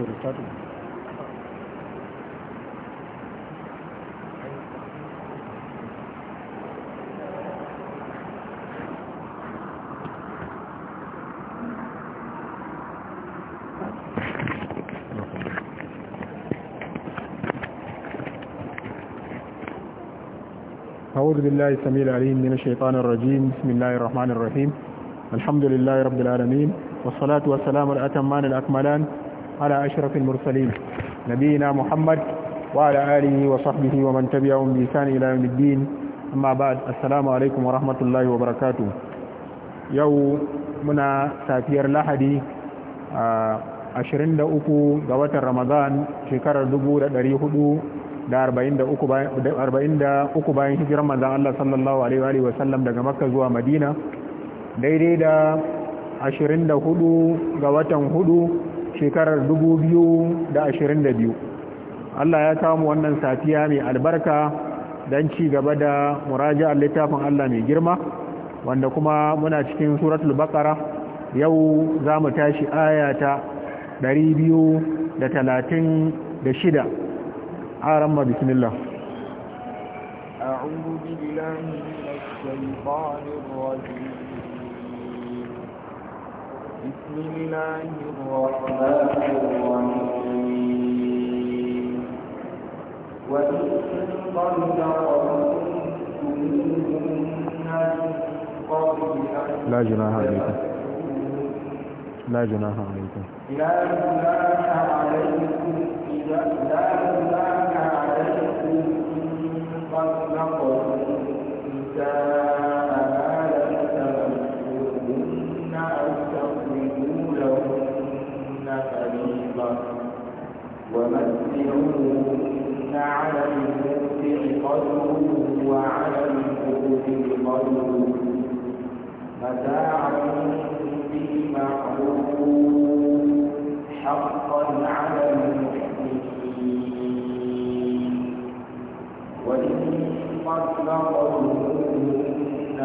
أعوذ بالله السميع العليم من الشيطان الرجيم بسم الله الرحمن الرحيم الحمد لله رب العالمين والصلاة والسلام الأتمان الأكملان على أشرف المرسلين نبينا محمد وعلى آله وصحبه ومن تبعهم بإحسان إلى يوم الدين أما بعد السلام عليكم ورحمة الله وبركاته يو منا سافير لحدي ashirin da uku ga watan ramadan shekarar dubu da ɗari hudu da arba'in da uku bayan hijirar manzan Allah sallallahu alaihi wa sallam daga makka zuwa madina daidai da ashirin da hudu ga watan huɗu. shekarar 2022 Allah ya kawo wannan safiya mai albarka don ci gaba da muraja'ar littafin Allah mai girma wanda kuma muna cikin suratul baqara yau za mu tashi ayata 236 a ma bismillah أعوذ بالله من الشيطان الرجيم بسم الله الرحمن الرحيم لا جناح عليكم لا جناح عليكم لا جناح عليكم لا جناح عليكم قد طلقتم فيه قوله متاعا بالمعروف حقا على المحسنين وإن طلقتموهن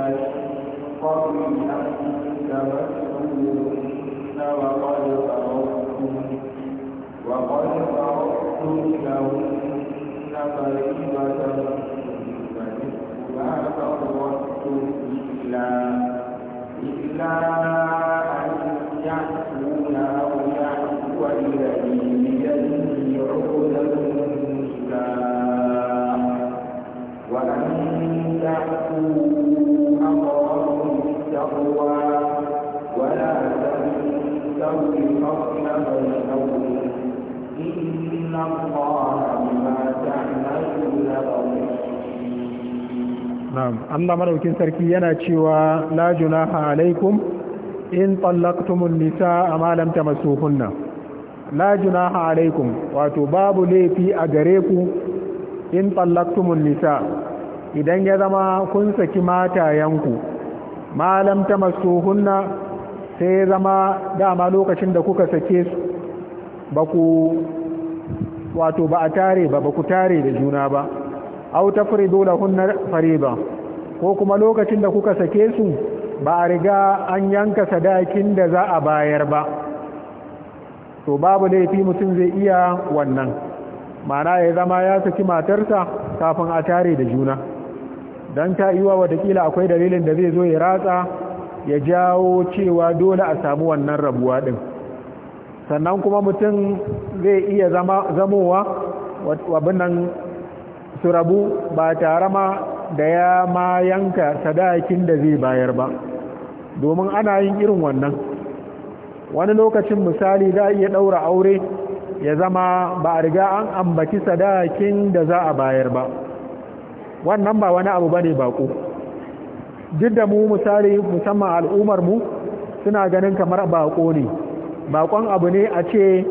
قبل أن تمسوهن وقد فرضتم وقد فرضتم لهن فريضة أبررتم إلا إلا أن يعفون أو يعفو الذي بيده عقدة النكاح وأن تعفوا أقرب للتقوى ولا تنسوا الفضل بينهم إن الله na'am Allah madaukin sarki yana cewa la junaha alaikum in tallaqtumun nisaa ma lam tamassuhunna la junaha alaikum wato babu laifi a gare ku in tallaqtumun nisaa idan ya zama kun saki matayanku ma lam tamassuhunna sai zama dama lokacin da kuka sake su ba ku wato ba a tare ba ba ku tare da juna ba aw tafridu lahunna fariida ko kuma lokacin da kuka sake su ba a riga an yanka sadakin da za a bayar ba to babu laifi mutum zai iya wannan mana ya zama ya saki matarsa kafin a tare da juna don ta iwa watakila akwai dalilin da zai zo ya ratsa ya jawo cewa dole a samu wannan rabuwa ɗin sannan kuma mutum zai iya zamowa nan su rabu ba tare ma da ya ma yanka sadakin da zai bayar ba domin ana yin irin wannan wani lokacin misali za a iya ɗaura aure ya zama ba a riga an ambaci sadakin da za a bayar ba wannan ba wani abu bane baƙo. duk da mu misali musamman al'ummar mu suna ganin kamar bako ne bakon abu ne a ce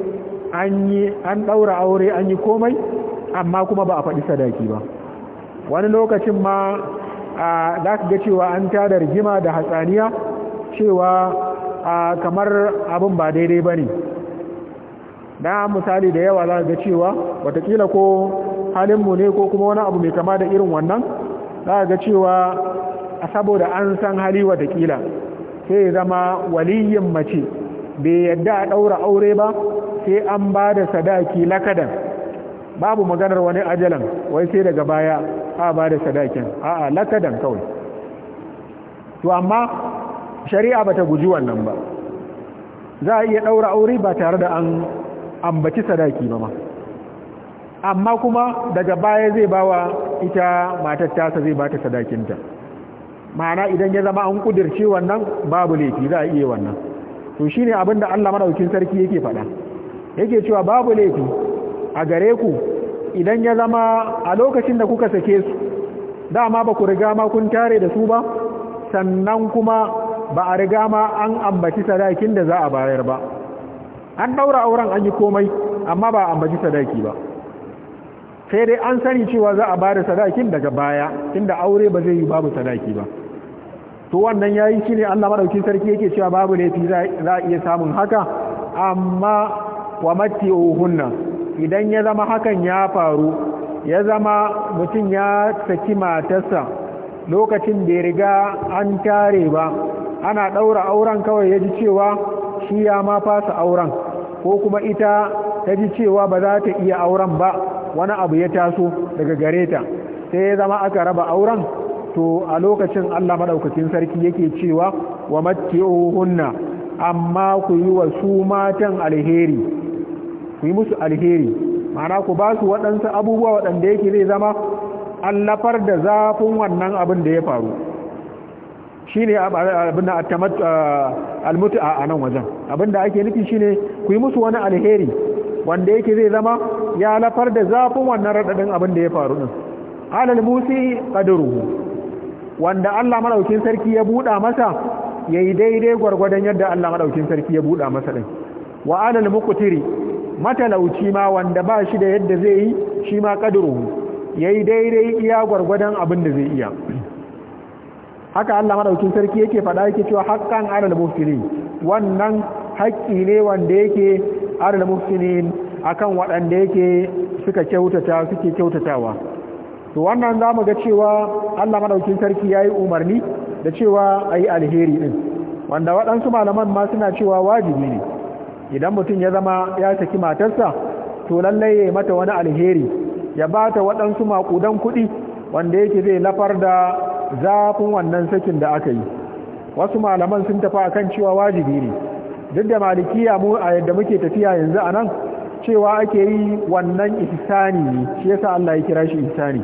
an ɗaura aure an yi komai amma kuma ba a faɗi sadaki ba wani lokacin ma za ka ga cewa an tada rigima da hatsaniya cewa kamar abin ba daidai ba ne na misali da yawa za ga cewa watakila ko halinmu ne ko kuma wani abu mai kama da irin wannan za ga cewa a saboda an san hali watakila sai zama waliyin mace bai yadda a ɗaura aure ba sai an ba da sadaki lakadan babu maganar wani ajalan wai sai daga baya a ba da sadakin a'a lakadan kawai to amma shari'a bata guji wannan ba za a iya ɗaura aure ba tare da an ambaci sadaki ba ma amma kuma daga baya zai bawa ita matar tasa zai bata sadakinta ma'ana idan ya zama an kudirce wannan babu laifi za a iya wannan to shine abinda da Allah madaukin sarki yake faɗa yake cewa babu laifi a gare ku idan ya zama a lokacin da kuka sake su dama ba ku riga ma kun tare da su ba sannan kuma ba a riga ma an ambaci sadakin da za a bayar ba an ɗaura auren an yi komai amma ba a ambaci sadaki ba sai dai an sani cewa za a bada sadakin daga baya inda aure ba zai yi babu sadaki ba to wannan yayi shi ne Allah madaukin sarki yake cewa babu laifi za a iya samun haka amma wa mati'uhunna idan ya zama hakan ya faru ya zama mutum ya saki matarsa lokacin da ya riga an tare ba ana ɗaura auren kawai ya ji cewa shi ya ma fasa auren ko kuma ita ta ji cewa ba za ta iya auren ba wani abu ya taso daga gare ta sai ya zama aka raba auren to a lokacin allah maɗaukacin sarki yake cewa wa matke hunna amma ku yi wa su matan alheri ku yi musu alheri ma'ana ku ba su waɗansu abubuwa waɗanda yake zai zama allafar da zafin wannan abin da ya faru shi ne abin da ah, almutu ah, a nan wajen abin da ake nufi shi ne ku yi musu wani alheri wanda yake zai zama ya lafar da zafin wannan raɗaɗin abin da ya faru ɗin alal musi wanda allah maɗaukin sarki ya buɗa masa ya yi daidai gwargwadon yadda allah maɗaukin sarki ya buɗa masa ɗin wa alal mukutiri matalauci ma wanda ba shi da yadda zai yi shi ma kadiru ya yi daidai iya gwargwadon abin da zai iya haka allah maɗaukin sarki yake faɗa yake cewa haƙƙan adal mufsinin wannan haƙƙi ne wanda yake alal mufsinin akan waɗanda yake suka kyautata suke kyautatawa to wannan za ga cewa allah maɗaukin sarki ya yi umarni da cewa a yi alheri din. wanda waɗansu malaman ma suna cewa wajibi ne idan mutum ya zama ya saki matarsa to lallai ya mata wani alheri ya ba ta waɗansu maƙudan kuɗi wanda yake zai lafar da zafin wannan sakin da aka yi wasu malaman sun tafi akan cewa wajibi ne duk da malikiya mu a yadda muke tafiya yanzu anan nan cewa ake yi wannan ihsani ne shi yasa Allah ya kira shi ihsani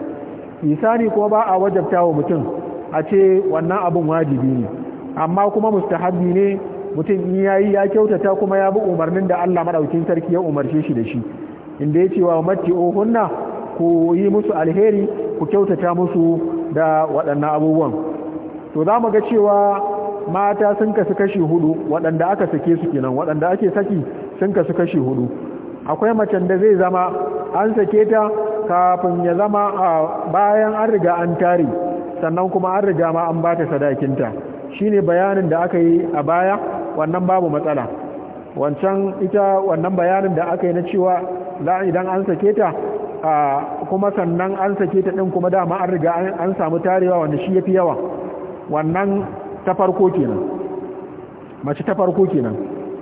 ihsani kuma ba a wajabta wa mutum a ce wannan abun wajibi ne amma kuma mustahabbi ne mutum in yayi ya kyautata kuma ya bi umarnin da Allah madaukin sarki ya umarce shi da shi inda ya ce wa ohunna ku yi musu alheri ku kyautata musu da waɗannan abubuwan to za mu ga cewa mata sun kasu kashi hudu waɗanda aka sake su kenan waɗanda ake saki sun kasu kashi hudu akwai macen da zai zama an sake ta kafin ya zama a bayan an riga an tare sannan kuma an riga ma an ba ta sadakinta shine bayanin da aka yi a baya wannan babu matsala wancan ita wannan bayanin da aka yi na cewa la idan an sake ta kuma sannan an sake ta ɗin kuma dama an riga an samu tarewa wanda shi yafi yawa wannan ta farko kenan mace ta farko kenan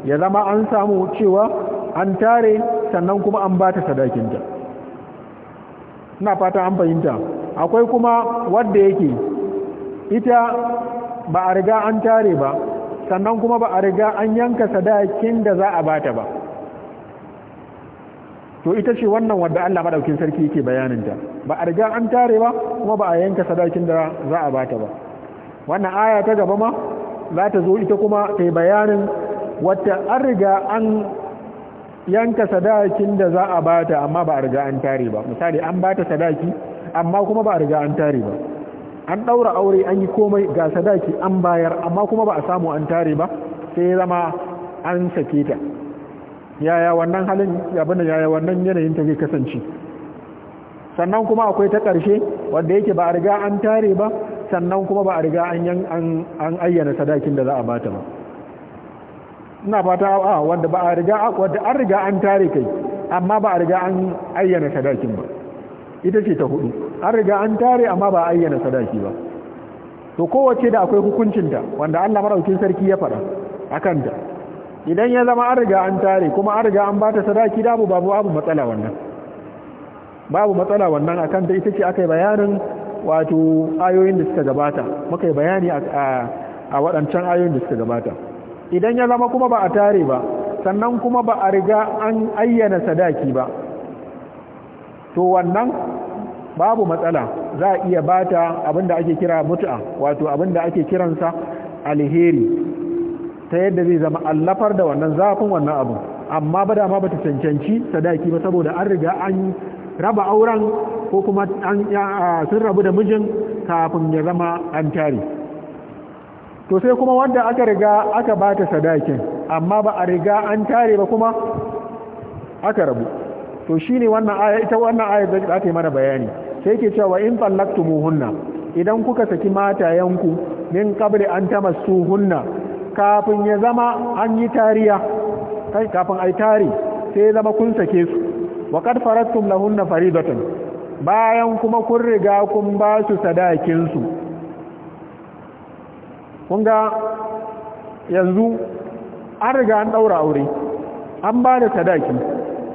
ya zama an samu cewa an tare sannan kuma an bata sadakinta ina fata an fahimta akwai kuma wanda yake ita ba a riga an tare ba sannan kuma ba a riga an yanka sadakin da za a bata ba to ita ce wannan wadda Allah madaukin sarki yake bayaninta ba a riga an tare ba kuma ba a yanka sadakin da za a bata ba wannan aya ta gaba ma za ta zo ita kuma ta yi bayanin wata an riga an yanka sadakin da za a bata amma ba a riga an tare ba misali an bata sadaki amma kuma ba a riga an tare ba an ɗaura aure an yi komai ga sadaki an bayar amma kuma ba a samu an tare ba sai zama an sake ta yaya wannan halin abin yaya wannan yanayin ta zai kasance sannan kuma akwai ta ƙarshe wanda yake ba a riga an tare ba sannan kuma ba a riga an ayyana sadakin da za a bata ba ina fata a wanda ba a riga wanda an riga an tare kai amma ba a riga an ayyana sadakin ba ita ce ta hudu an riga an tare amma ba ayyana sadaki ba to kowace da akwai hukuncinta wanda Allah maraukin sarki ya faɗa akan ta idan ya zama an riga an tare kuma an riga an bata sadaki da babu abu matsala wannan babu matsala wannan akan ta ita ce akai bayanin wato ayoyin da suka gabata muka yi bayani a waɗancan ayoyin da suka gabata idan ya zama kuma ba a tare ba sannan kuma ba a riga an ayyana sadaki ba to wannan babu matsala za a iya bata abinda ake kira mutu'a wato abinda ake kiransa alheri ta yadda zai zama allafar da wannan zafin wannan abu amma ba dama bata cancanci sadaki ba saboda an riga an raba auren ko kuma sun rabu da mijin kafin ya zama an tare to sai kuma wanda aka riga aka bata sadakin amma ba a riga an tare ba kuma aka rabu to shine wannan aya ita wannan aya da za ta yi mana bayani sai yake cewa in hunna idan kuka saki matayenku min qabli an hunna kafin ya zama an yi tariya kai kafin ai tari sai ya zama kun sake su wa qad faradtum lahunna faridatan bayan kuma kun riga kun ba su sadakin su kun ga yanzu an riga an daura aure an ba da sadaki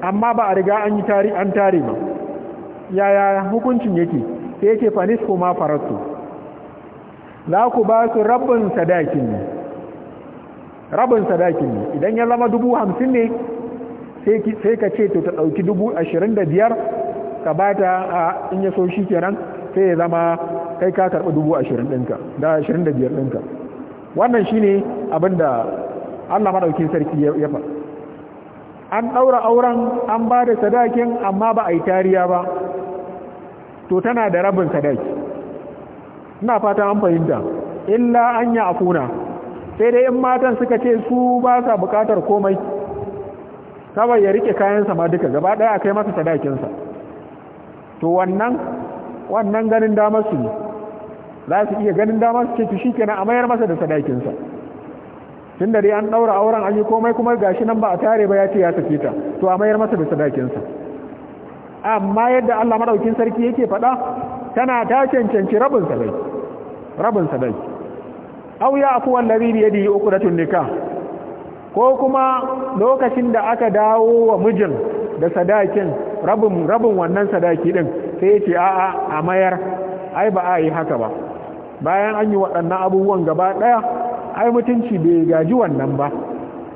amma ba a riga an yi tari an tare ba yaya hukuncin yake sai yake fanis kuma faratu za ku ba su rabin sadakin ne rabin sadakin ne idan ya zama dubu hamsin ne sai ka ce to ta ɗauki dubu ashirin da biyar ka ba ta a in ya so shi kenan sai ya zama kai ka karɓi dubu ashirin ɗinka da ashirin da biyar ɗinka wannan shine ne abinda allah maɗaukin sarki ya faɗa an ɗaura auren an ba da sadakin amma ba a yi tariya ba to tana da rabin sadaki ina fata an fahimta illa an yi afuna sai dai in matan suka ce su ba sa bukatar komai kawai ya rike kayansa ma duka gaba ɗaya a kai masa sadakinsa to wannan wannan ganin damar su ne za su iya ganin damar su ce to shi kenan a mayar masa da sadakinsa tun da dai an ɗaura auren an yi komai kuma gashi nan ba a tare ba ya ce ya tafi ta to a mayar masa da sadakinsa amma yadda Allah madaukin sarki yake faɗa tana ta cancanci rabin dai. rabin sadaki aw ya afu wallazi bi yadi uqdatun nikah ko kuma lokacin da aka dawo wa mijin da sadakin rabin rabin wannan sadaki din sai ya ce a'a a mayar ai ba a yi haka ba bayan an yi waɗannan abubuwan gaba ɗaya ai mutunci bai gaji wannan ba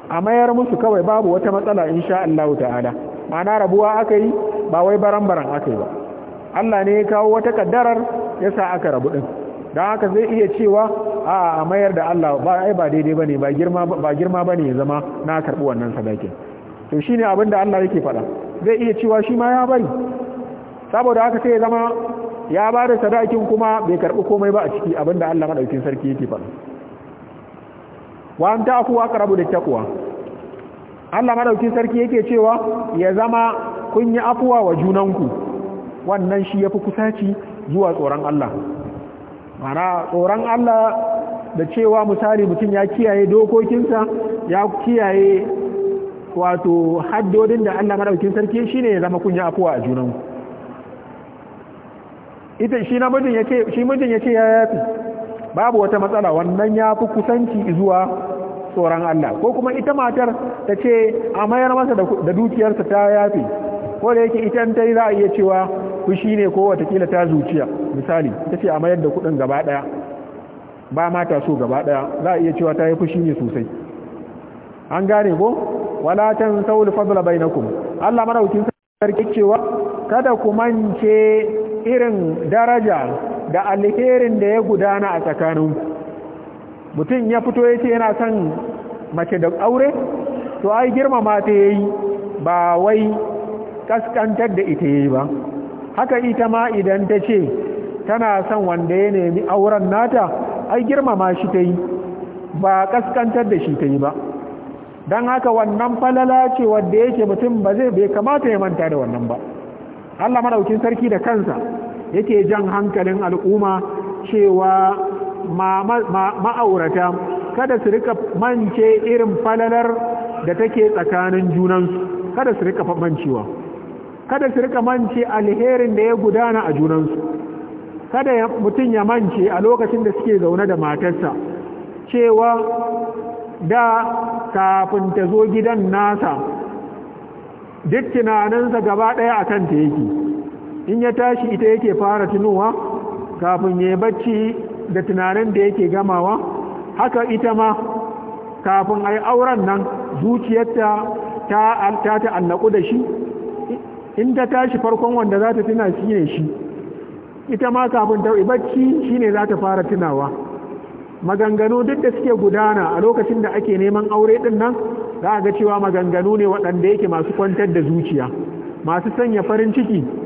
a mayar musu kawai babu wata matsala in sha Allah ta'ala ma'ana rabuwa aka yi ba wai baran-baran aka yi ba Allah ne ya kawo wata kaddarar ya sa aka rabu din don haka zai iya cewa a a mayar da Allah ba ai ba daidai bane ba girma ba girma ya zama na karbi wannan sadakin to shine abin da Allah yake faɗa zai iya cewa shi ma ya bari saboda haka sai ya zama ya ba da sadakin kuma bai karbi komai ba a ciki abin da Allah madaukin sarki yake faɗa wa an ta'aku aqrabu littaqwa Allah madaukin sarki yake cewa ya zama kun yi afuwa wa junanku wannan shi yafi kusaci zuwa tsoron Allah mana tsoron Allah da cewa misali mutum ya kiyaye dokokinsa ya kiyaye wato haddodin da Allah madaukin sarki shine ya zama kun yi afuwa a junanku ita shi na mijin yake shi mijin yake ya yafi babu wata matsala wannan ya fi kusanci zuwa tsoron Allah ko kuma ita matar ta ce a mayar masa da dukiyarsa ta yafi ko da yake ita ta yi za a iya cewa fushi ne ko watakila ta zuciya misali ta ce a mayar da kudin gaba daya ba mata so gaba daya za a iya cewa ta yi fushi ne sosai an gane ko wala tan saul fadla bainakum Allah marauki sarki cewa kada ku mance irin daraja da alherin da ya gudana a tsakaninku mutum ya fito ya ce yana son mace da aure to ai girmama ta ya yi ba wai kaskantar da ita ya yi ba haka ita ma idan ta ce tana son wanda ya nemi auren nata ai girmama shi ta yi ba kaskantar da shi ta yi ba don haka wannan falala ce wadda yake mutum ba zai bai kamata ya manta da wannan ba Allah madaukin sarki da kansa yake jan hankalin al'umma cewa ma'aurata kada su rika mance irin falalar da take tsakanin junansu kada su rika mancewa kada su rika mance alherin da ya gudana a junansu kada mutum ya mance a lokacin da suke zaune da matarsa cewa da kafin ta zo gidan nasa duk tunaninsa gaba ɗaya a kan ta yake in ya tashi ita yake fara tunowa kafin ya bacci da tunanin da yake gamawa haka ita ma kafin a auren nan zuciyarta ta ta'allaku da shi in ta tashi farkon wanda za ta tuna shi ne shi ita ma kafin ta bacci shi za ta fara tunawa maganganu duk da suke gudana a lokacin da ake neman aure din nan za a ga cewa maganganu ne waɗanda yake masu kwantar da zuciya masu sanya farin ciki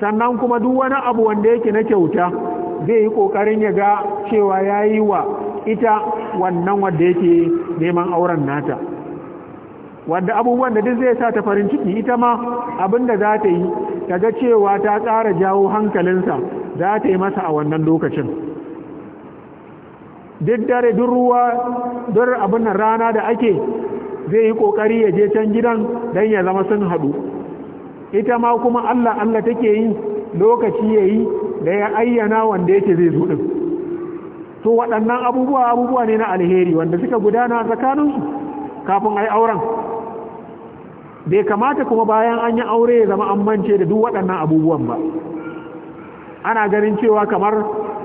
sannan kuma duk wani abu wanda yake na kyauta zai yi kokarin ya ga cewa ya yi wa ita wannan wanda yake neman auren nata wanda abubuwan da duk zai sa ta farin ciki ita ma abinda da za ta yi ta ga cewa ta tsara jawo hankalinsa za ta yi masa a wannan lokacin duk dare duk ruwa duk abin rana da ake zai yi kokari ya je can gidan don ya zama sun haɗu ita ma kuma Allah Allah take yi lokaci yayi da ya ayyana wanda yake zai zo din to waɗannan abubuwa abubuwa ne na alheri wanda suka gudana tsakaninsu kafin ai auren bai kamata kuma bayan an yi aure ya zama an mance da duk waɗannan abubuwan ba ana ganin cewa kamar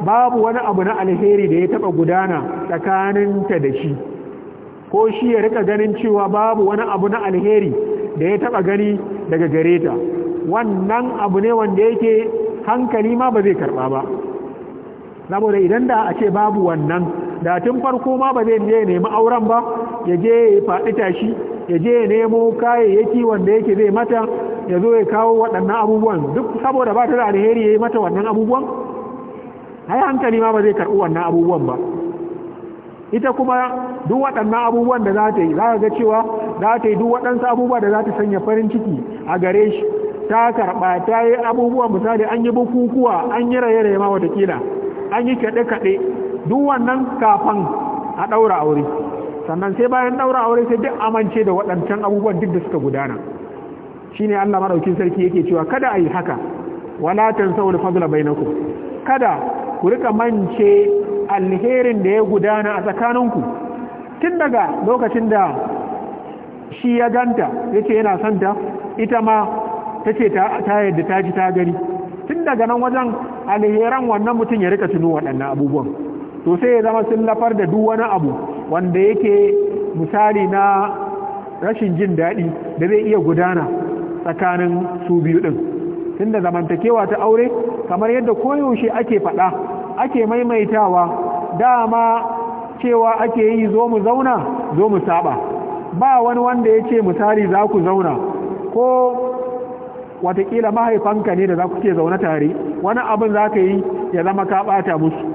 babu wani abu na alheri da ya taɓa gudana tsakaninta da shi ko shi ya rika ganin cewa babu wani abu na alheri da ya taba gani daga gare ta wannan abu ne wanda yake hankali ma ba zai karba ba saboda idan da a ce babu wannan da tun farko ma ba zai je nemi auren ba ya je ya faɗi tashi ya je ya nemo kayayyaki wanda yake zai mata ya zo ya kawo waɗannan abubuwan duk saboda ba ta da alheri ya yi mata wannan abubuwan hai hankali ma ba zai karɓi wannan abubuwan ba ita kuma duk waɗannan abubuwan da za ta yi za ga cewa za ta yi duk waɗansu abubuwa da za ta sanya farin ciki a gare shi ta karɓa ta yi abubuwa misali an yi bukukuwa an yi raye-raye ma watakila an yi kaɗe-kaɗe duk wannan kafan a ɗaura aure sannan sai bayan ɗaura aure sai duk amince da waɗancan abubuwan duk da suka gudana shine Allah maɗaukin sarki yake cewa kada a yi haka wala tansawul fadla bainakum kada ku rika mance alherin da ya gudana a tsakaninku tun daga lokacin da shi ya ganta ya ce yana santa ita ma ta ce ta yadda ta ji ta gari tun daga nan wajen alheran wannan mutum ya rika tunu waɗannan abubuwan to sai ya zama sun lafar da duk abu wanda yake misali na rashin jin daɗi da zai iya gudana tsakanin su biyu ɗin tun da zamantakewa ta aure kamar yadda koyaushe ake faɗa ake maimaitawa dama cewa ake yi zo mu zauna zo mu saba ba wani wanda ya ce misali za ku zauna ko watakila mahaifanka ne da za ku ke zaune tare wani abin za ka yi ya zama ka bata musu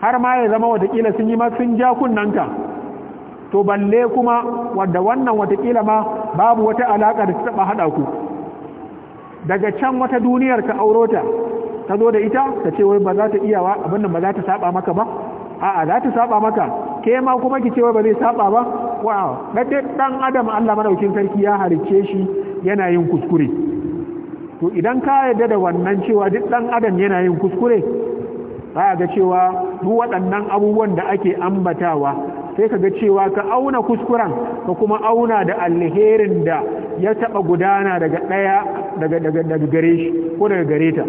har ma ya zama watakila sun yi sun ja kunnanka to balle kuma wadda wannan watakila ma babu wata alaƙa da ta taɓa haɗa ku daga can wata duniyar ka aurota. ta zo da ita ta ce wai ba za ta iyawa abin nan ba za ta saba maka ba a'a za ta saba maka ke ma kuma ki ce wai ba zai saba ba Wa na duk dan adam Allah madaukin sarki ya harice shi yana yin kuskure to idan ka yarda da wannan cewa duk dan adam yana yin kuskure ba ga cewa duk waɗannan abubuwan da ake ambatawa sai ka ga cewa ka auna kuskuren ka kuma auna da alherin da ya taɓa gudana daga ɗaya daga gare shi ko daga gare ta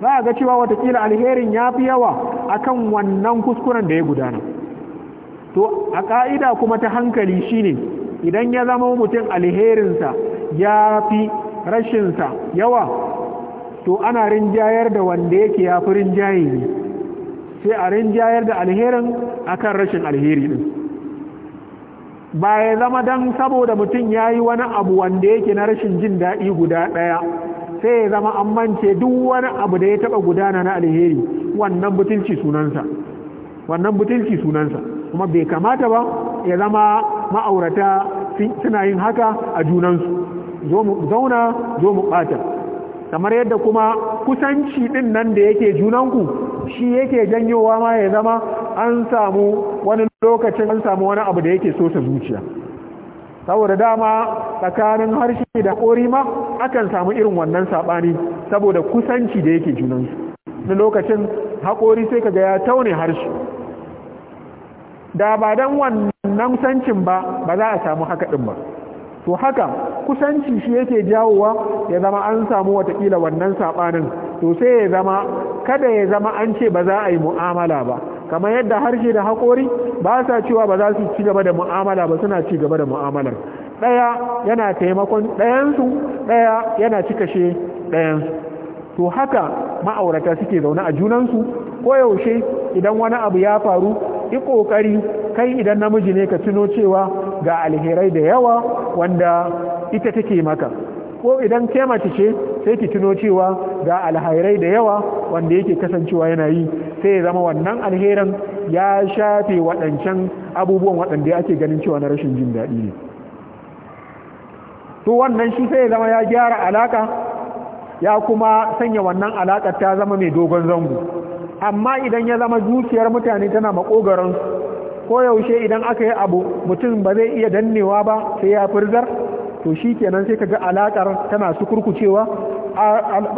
za a ga cewa watakila alherin ya fi yawa akan wannan kuskuren da ya gudana to a ka'ida kuma ta hankali shine idan ya zama mutum alherinsa ya fi rashinsa yawa to ana rinjayar da wanda yake ya fi rinjaye ne sai a rinjayar da alherin akan rashin alheri din ba ya zama don saboda mutum ya yi wani abu wanda yake na rashin jin daɗi guda ɗaya sai ya zama an mance duk wani abu da ya taba gudana na alheri wannan butulci sunansa wannan butulci sunansa kuma bai kamata ba ya zama ma'aurata suna yin haka a junansu zo mu zauna zo mu bata kamar yadda kuma kusanci din nan da yake junanku shi yake janyowa ma ya zama an samu wani lokacin an samu wani abu da yake so ta zuciya saboda dama tsakanin harshe da kori ma akan samu irin wannan saɓani saboda kusanci da yake junansu na lokacin haƙori sai kaga ya taune harshe da ba don wannan sancin ba ba za a samu haka ɗin ba to haka kusanci shi yake jawowa ya zama an samu watakila wannan saɓanin to sai ya zama kada ya zama an ce ba za a yi mu'amala ba kamar yadda harshe da haƙori ba sa cewa ba za su ci gaba da mu'amala ba suna ci gaba da mu'amalar ɗaya yana taimakon ɗayansu ɗaya yana cikashe ɗayansu to haka ma'aurata suke zaune a junansu yaushe idan wani abu ya faru yi ƙoƙari kai idan namiji ne ka tuno cewa ga alherai da yawa wanda ita take maka ko idan ke mace ce sai ki tuno cewa ga alherai da yawa wanda yake kasancewa yana yi sai ya zama wannan alheran ya shafe waɗancan abubuwan waɗanda ake ganin cewa na rashin jin daɗi ne to wannan shi sai ya zama ya gyara alaka ya kuma sanya wannan alakar ta zama mai dogon zango amma idan ya zama zuciyar mutane tana makogaron koyaushe idan aka yi abu mutum ba zai iya dannewa ba sai ya firzar to shi kenan sai ka ga alakar tana su kurkucewa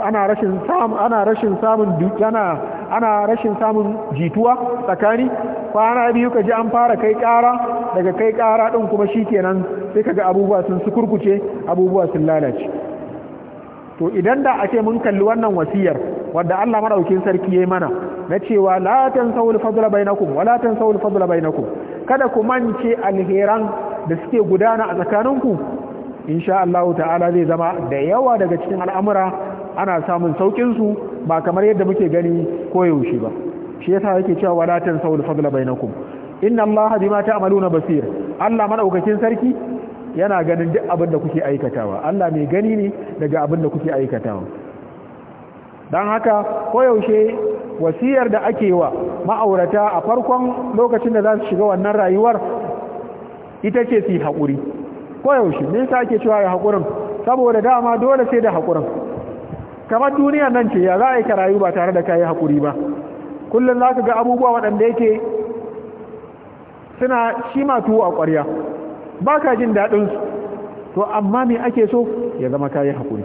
ana rashin samun duk yana ana rashin samun jituwa tsakani kwana biyu ka ji an fara kai ƙara daga kai ƙara ɗin kuma shi kenan sai ka ga abubuwa sun sukurkuce, kurkuce abubuwa sun lalace to idan da ake mun kalli wannan wasiyar wadda Allah madaukin sarki yayi mana na cewa la tansawul fadla bainakum wala tansawul fadla bainakum kada ku mance alheran da suke gudana a tsakaninku insha Allah ta'ala zai zama da yawa daga cikin al'amura ana samun saukin su ba kamar yadda muke gani koyaushe ba shi yasa yake cewa wala tansaw al-fadla bainakum inna allaha bima ta'maluna basir Allah madaukakin sarki yana ganin duk abin da kuke aikatawa Allah mai gani ne daga abin da kuke aikatawa dan haka koyaushe wasiyar da ake wa ma'aurata a farkon lokacin da za su shiga wannan rayuwar ita ce su yi haƙuri koyaushe ne sa ake cewa ya haƙurin saboda dama dole sai da haƙurin kamar duniya nan ce ya za a yi karayu ba tare da kayi hakuri ba kullum za ka ga abubuwa waɗanda yake suna shi ma tuwo a ƙwarya ba ka jin daɗinsu to amma me ake so ya zama kayi hakuri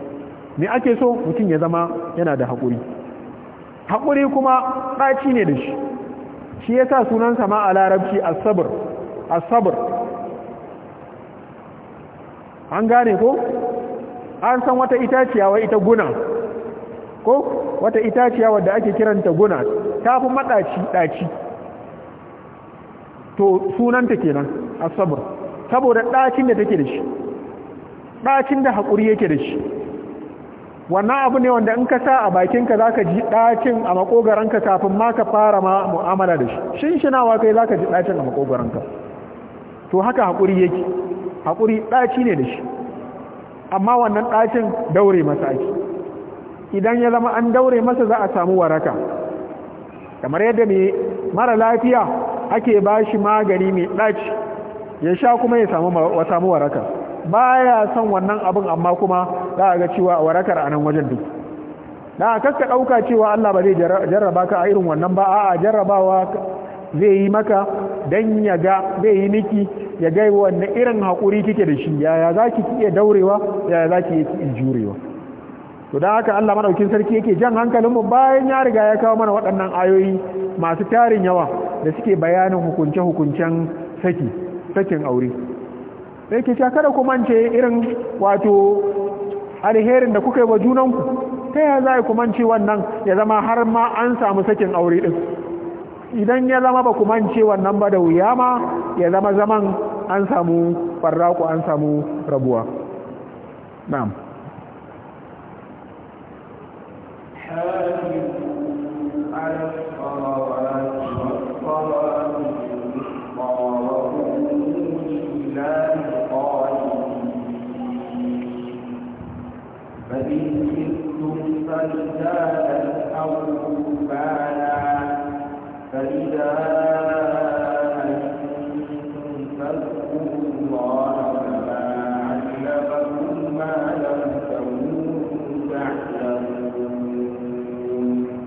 me ake so mutum ya zama yana da hakuri hakuri kuma ɗaci ne da shi shi ya sa sunansa ma a larabci asabar asabar an gane ko an san wata itaciya wai ita guna ko wata itaciya wadda ake kiranta guna ta fi maɗaci ɗaci to sunanta kenan asabar saboda ɗacin da take da shi ɗacin da haƙuri yake da shi wannan abu ne wanda in ka sa a bakinka za ka ji ɗacin a makogaranka kafin ma ka fara ma mu'amala da shi shinshinawa kai za ka ji ɗacin a makogaranka to haka haƙuri yake haƙuri ɗaci ne da shi amma wannan ɗacin daure masa ake idan ya zama an daure masa za a samu waraka kamar yadda mai mara lafiya ake ba shi magani mai ɗaci ya sha kuma ya samu waraka ba ya son wannan abin amma kuma za a ga cewa warakar a nan wajen duk na kaska ɗauka cewa allah ba zai jarraba ka a irin wannan ba a jarrabawa zai yi maka don ya ga zai yi miki ya ga wanne irin haƙuri kike da shi yaya za ki iya daurewa yaya za ki iya jurewa to da haka Allah madaukin sarki yake jan hankalinmu bayan ya riga ya kawo mana waɗannan ayoyi masu tarin yawa da suke bayanin hukunce-hukuncen saki sakin aure sai ke sha kada ku mance irin wato alherin da kuka yi wa junanku ta ya za ku mance wannan ya zama har ma an samu sakin aure din idan ya zama ba ku mance wannan ba da wuya ma ya zama zaman an samu farraku an samu rabuwa na'am وسلم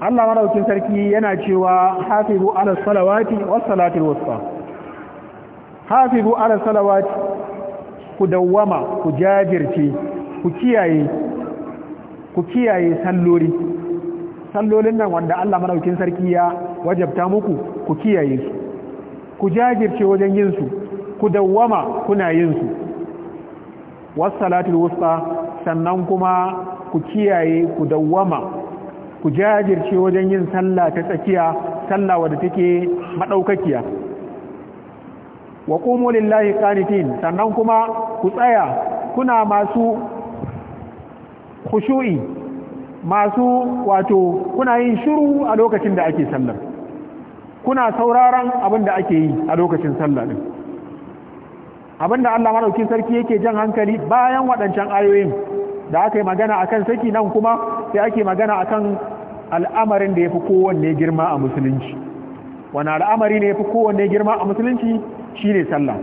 Allah madaukin sarki yana cewa hafizu ala salawati was salatil wusta hafizu ala salawati ku dawwama ku jajirce ku kiyaye ku kiyaye sallori sallolin nan wanda Allah madaukin sarki ya wajabta muku ku kiyaye su ku jajirce wajen yin su ku dawwama kuna yin su was salatil wusta sannan kuma ku kiyaye ku dawwama ku jajirce wajen yin sallah ta tsakiya sallah wadda take madaukakiya wa qumu lillahi qanitin sannan kuma ku tsaya kuna masu khushu'i masu wato kuna yin shiru a lokacin da ake sallar kuna sauraron abin da ake yi a lokacin sallah din abin da Allah madauki sarki yake jan hankali bayan waɗancan ayoyin da aka yi magana akan saki nan kuma sai ake magana akan al'amarin da ya fi kowanne girma a musulunci wani al'amari ne ya fi kowanne girma a musulunci shi ne sallah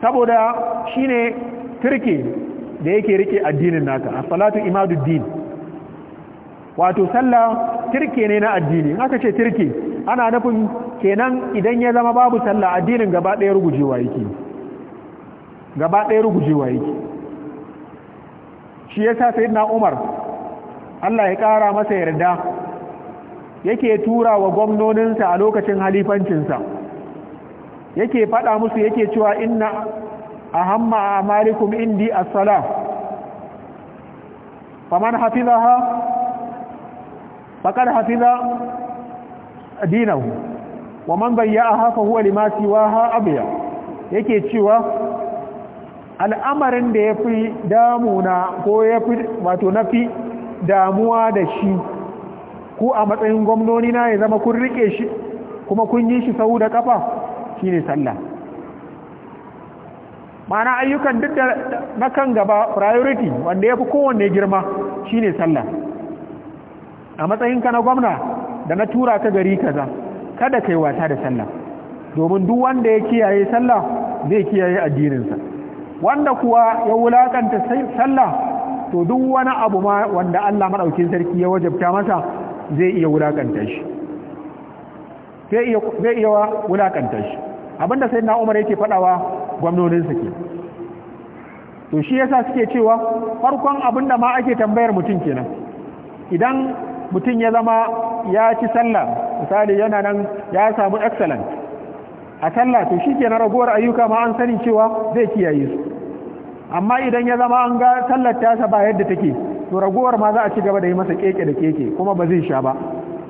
saboda shi ne turke da yake rike addinin naka a salatu imaduddin wato sallah turke ne na addini in aka ce turke ana nufin kenan idan ya zama babu sallah addinin gaba ɗaya rugujewa yake gaba ɗaya rugujewa yake shi ya yasa na Umar Allah ya ƙara masa yarda yake tura wa gwamnoninsa a lokacin halifancinsa yake faɗa musu yake cewa inna a hamma a malikum indi a sala faman hafizaha faqad hafiza dinahu wa man a hafa huwa wa ha abuya yake cewa al'amarin da ya fi damuna ko ya fi wato na fi. damuwa da shi ku a matsayin gwamnoni na ya zama kun rike shi kuma kun yi shi sau da kafa shine sallah mana ayyukan duk da na kan gaba priority wanda ya fi kowanne girma shine sallah a matsayinka na gwamna da na tura ka gari kaza kada ka yi wata da sallah domin duk wanda ya kiyaye sallah zai kiyaye addininsa wanda kuwa ya wulakanta sallah to duk wani abu ma wanda Allah madaukin sarki ya wajabta masa zai iya wulakanta shi zai iya zai iya shi abinda na Umar yake fadawa gwamnonin sa ke to shi yasa suke cewa farkon abinda ma ake tambayar mutum kenan idan mutum ya zama ya ci sallah misali yana nan ya samu excellent a sallah to shi ke na ragowar ayyuka ma an sani cewa zai kiyaye su amma idan ya zama an ga sallar tasa ba yadda take to ragowar ma za a ci gaba da yi masa keke da keke kuma ba zai sha ba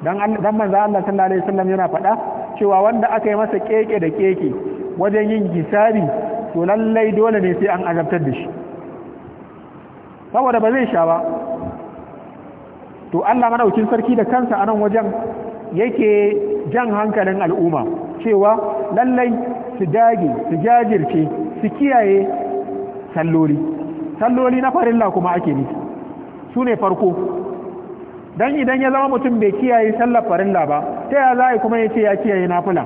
dan dan manzo Allah sallallahu alaihi wasallam yana faɗa cewa wanda aka yi masa keke da keke wajen yin hisabi to lallai dole ne sai an azabtar da shi saboda ba zai sha ba to Allah madaukin sarki da kansa a nan wajen yake jan hankalin al'umma cewa lallai su dage su jajirce su kiyaye salloli salloli na farilla kuma ake nufi su ne farko don idan ya zama mutum bai kiyaye sallar farilla ba ta ya za kuma ya ce ya kiyaye nafula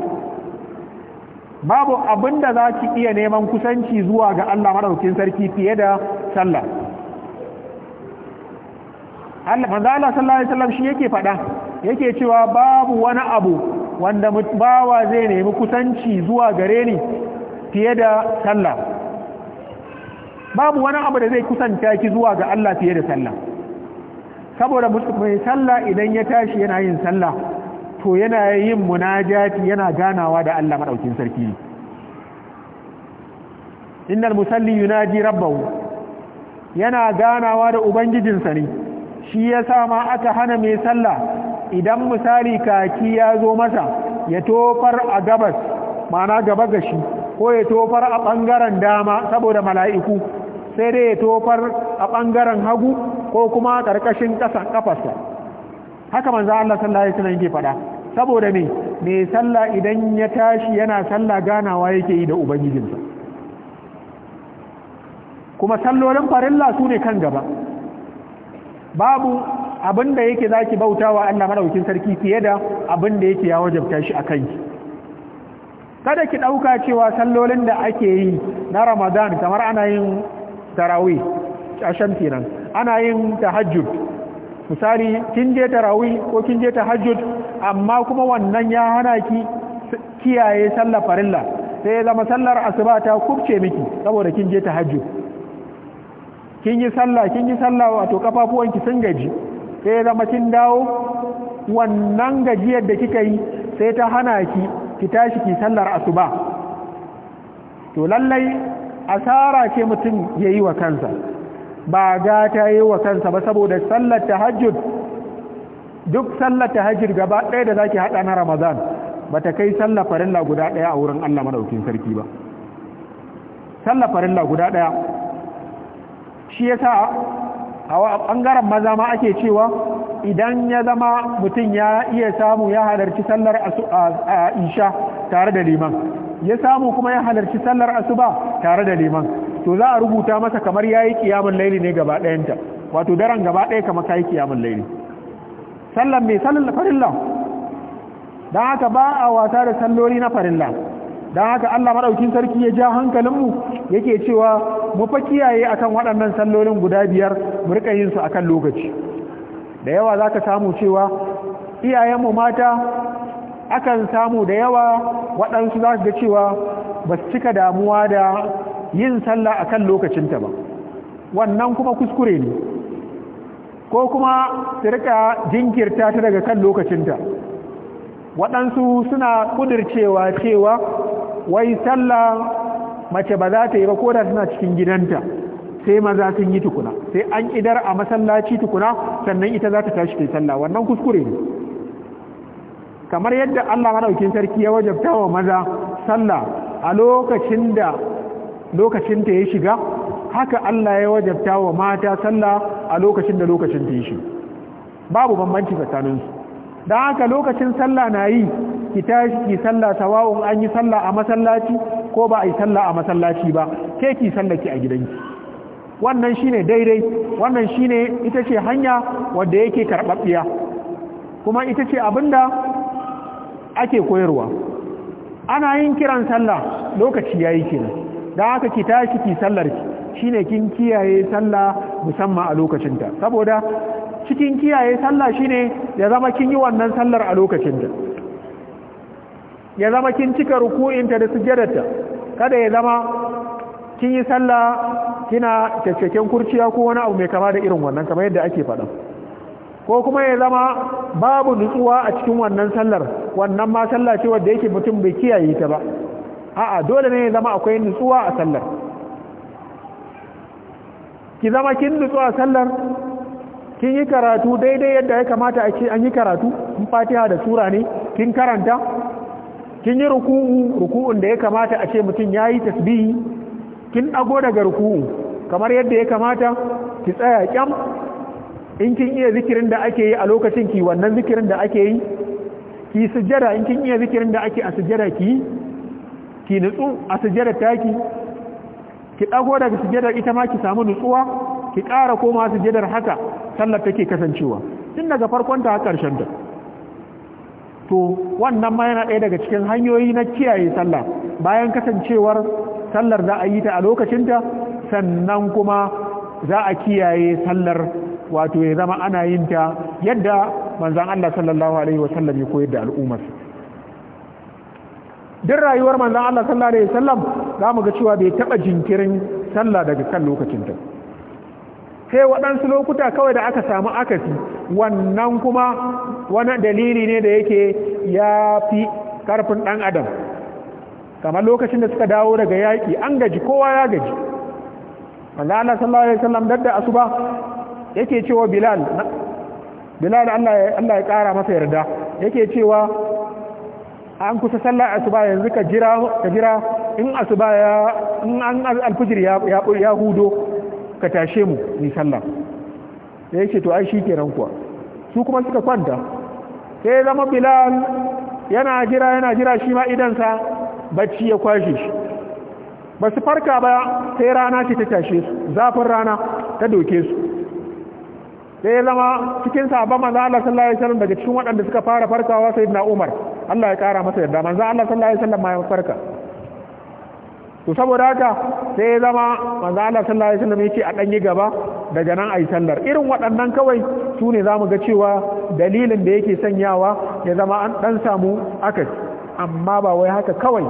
babu abin da iya neman kusanci zuwa ga Allah maɗaukin sarki fiye da sallah manzala sallallahu alaihi wasallam shi yake faɗa yake cewa babu wani abu wanda bawa zai nemi kusanci zuwa gare ni fiye da sallah babu wani abu da zai kusanta ki zuwa ga Allah fiye da sallah saboda mai sallah idan ya tashi yana yin sallah to yana yin munajati yana ganawa da Allah madaukin sarki innal musalli yunaji rabbahu yana ganawa da ubangijinsa ne shi yasa ma aka hana mai sallah idan misali kaki ya zo masa ya tofar a gabas mana gaba gashi ko ya tofar a ɓangaren dama saboda mala'iku sai dai ya tofar a ɓangaren hagu ko kuma ƙarƙashin ƙasan ƙafarsa haka manzo Allah sallallahu alaihi wasallam yake faɗa saboda me me sallah idan ya tashi yana sallah ganawa yake yi da ubangijinsa kuma sallolin farilla su ne kan gaba babu abin da yake zaki wa Allah madaukin sarki fiye da abin da yake ya wajabta shi a kanki kada ki ɗauka cewa sallolin da ake yi na ramadan kamar ana yin tarawi asham kenan ana yin tahajjud misali kin je tarawi ko kin je tahajjud amma kuma wannan ya hana ki kiyaye sallar farilla sai ya zama sallar asuba ta kubce miki saboda kin je tahajjud kin yi sallah kin yi sallah wato kafafuwanki sun gaji sai ya zama kin dawo wannan gajiyar da kika yi sai ta hana ki ki tashi ki sallar asuba to lallai asara ce mutum ya yi wa kansa ba gata yi wa kansa ba saboda sallar tahajjud duk sallar tahajjud gaba ɗaya da zaki haɗa na ramadan ba ta kai sallar farilla guda ɗaya a wurin allah madaukin sarki ba sallar farilla guda ɗaya shi ya sa a ɓangaren maza ma ake cewa idan ya zama mutum ya iya samu ya halarci sallar a isha tare da liman ya samu kuma ya halarci sallar asuba tare da liman to za a rubuta masa kamar yayi kiyamul laili ne gaba ɗayanta wato daren gaba ɗaya kamar kai kiyamul laili sallan mai sallan farilla don haka ba a wasa da salloli na farilla dan haka Allah maɗaukin sarki ya ja hankalin mu yake cewa mu fa kiyaye akan waɗannan sallolin guda biyar mu rika yin su akan lokaci da yawa zaka samu cewa iyayen mu mata akan samu da yawa waɗansu za su ga cewa ba su cika damuwa da yin sallah a kan lokacinta ba wannan kuma kuskure ne ko kuma su rika jinkirta ta daga kan lokacinta waɗansu suna kudircewa cewa wai sallah mace ba za ta yi ba ko da suna cikin gidanta sai maza sun yi tukuna sai an idar a masallaci tukuna sannan ita za ta tashi kai sallah wannan kuskure ne kamar yadda Allah madaukin sarki ya wajabta wa maza sallah a lokacin da lokacin ta ya shiga haka Allah ya wajabta wa mata sallah a lokacin da lokacin ta ya shiga babu bambanci tsakaninsu don haka lokacin sallah na yi ki tashi ki sallah sawa'un an yi sallah a masallaci ko ba a yi sallah a masallaci ba ke ki sallaki a gidanki wannan shine daidai wannan shine ita ce hanya wanda yake karɓaɓɓiya kuma ita ce abinda ake koyarwa ana yin kiran sallah lokaci yayi kenan da haka ki tashi ki sallar ki shine kin kiyaye sallah musamman a lokacinta saboda cikin kiyaye sallah shine ya zama kin yi wannan sallar a lokacinta ya zama kin cika ruku'inta da sujjadarta kada ya zama kin yi sallah kina cikakken kurciya ko wani abu mai kama da irin wannan kamar yadda ake faɗa ko kuma ya zama babu nutsuwa a cikin wannan sallar wannan ma sallah ce wadda yake mutum bai kiyaye ta ba a'a dole ne ya zama akwai nutsuwa a sallar ki zama kin nutsuwa a sallar kin yi karatu daidai yadda ya kamata a ce an yi karatu in fatiha da sura ne kin karanta kin yi ruku'u ruku'un da ya kamata a ce mutum ya yi tasbihi kin dago daga ruku'u kamar yadda ya kamata ki tsaya kyam in kin iya zikirin da ake yi a lokacin ki wannan zikirin da ake yi ki sujjara in kin iya zikirin da ake a sujjara ki ki nutsu a sujjara taki ki dago daga sujjara ita ma ki samu nutsuwa ki ƙara koma sujjadar haka sallar take kasancewa tun daga farkon ta har ta to wannan ma yana ɗaya daga cikin hanyoyi na kiyaye sallah bayan kasancewar sallar za a yi ta a lokacinta sannan kuma za a kiyaye sallar wato ya zama ana yin ta yadda manzan Allah sallallahu alaihi wasallam ya koyar da al'ummar duk rayuwar manzan Allah sallallahu alaihi wasallam za mu ga cewa bai taɓa jinkirin sallah daga kan lokacin sai waɗansu lokuta kawai da aka samu akasi wannan kuma wani dalili ne da yake ya fi karfin ɗan adam kamar lokacin da suka dawo daga yaki an gaji kowa ya gaji manzo Allah sallallahu alaihi wasallam dadda asuba yake cewa bilal bilal Allah ya kara masa yarda yake cewa an kusa sallar asuba yanzu ka jira ka jira in asuba ya in an alfijir ya ya hudo ka tashe mu ni sallah da yake to ai ke kuwa su kuma suka kwanta sai zama bilal yana jira yana jira shi ma idansa bacci ya kwashe shi ba su farka ba sai rana ce ta tashe su zafin rana ta doke su sai ya zama cikin sahaba manzo Allah sallallahu alaihi wasallam daga cikin waɗanda suka fara farkawa sayyidina Umar Allah ya kara masa yarda manzo Allah sallallahu alaihi wasallam ma ya farka to saboda haka sai ya zama manzo Allah sallallahu alaihi wasallam yake a danyi gaba daga nan ayi sallar irin waɗannan kawai su ne zamu ga cewa dalilin da yake sanyawa ya zama an dan samu akai amma ba wai haka kawai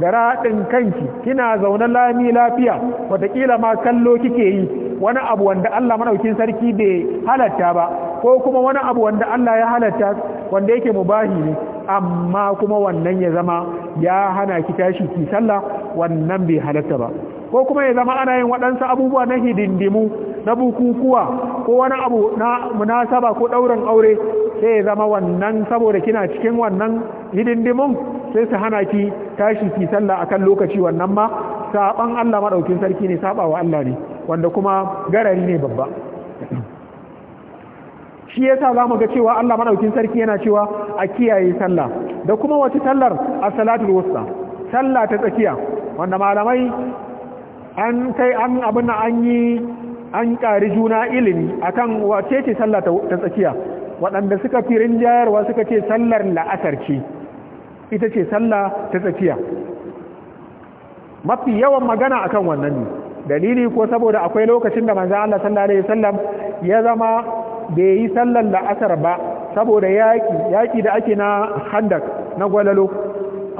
da raɗin kanki kina zaune lami lafiya watakila ma kallo kike yi wani abu wanda Allah maɗaukin sarki bai halatta ba ko kuma wani abu wanda Allah ya halatta wanda yake mubahi ne amma kuma wannan ya zama ya hana ki tashi ki sallah wannan bai halatta ba ko kuma ya zama ana yin waɗansu abubuwa na hidindimu na bukukuwa ko wani abu na munasaba ko ɗaurin aure sai ya zama wannan saboda kina cikin wannan hidindimun sai su hana ki tashi ki sallah akan lokaci wannan ma saban Allah madaukin sarki ne wa Allah ne wanda kuma garari ne babba shi yasa zamu ga cewa Allah maɗaukin sarki yana cewa a kiyaye sallah da kuma wata sallar as-salatul wusta sallah ta tsakiya wanda malamai an kai an abin da an yi an ƙari juna ilimi akan wace ce sallah ta tsakiya waɗanda suka fi rinjayarwa suka ce sallar la'asar ce ita ce sallah ta tsakiya mafi yawan magana akan wannan ne dalili ko saboda akwai lokacin da manzan Allah sallallahu alaihi ya zama bai yi sallar la'asar ba saboda yaƙi. da ake na handak na gwalalo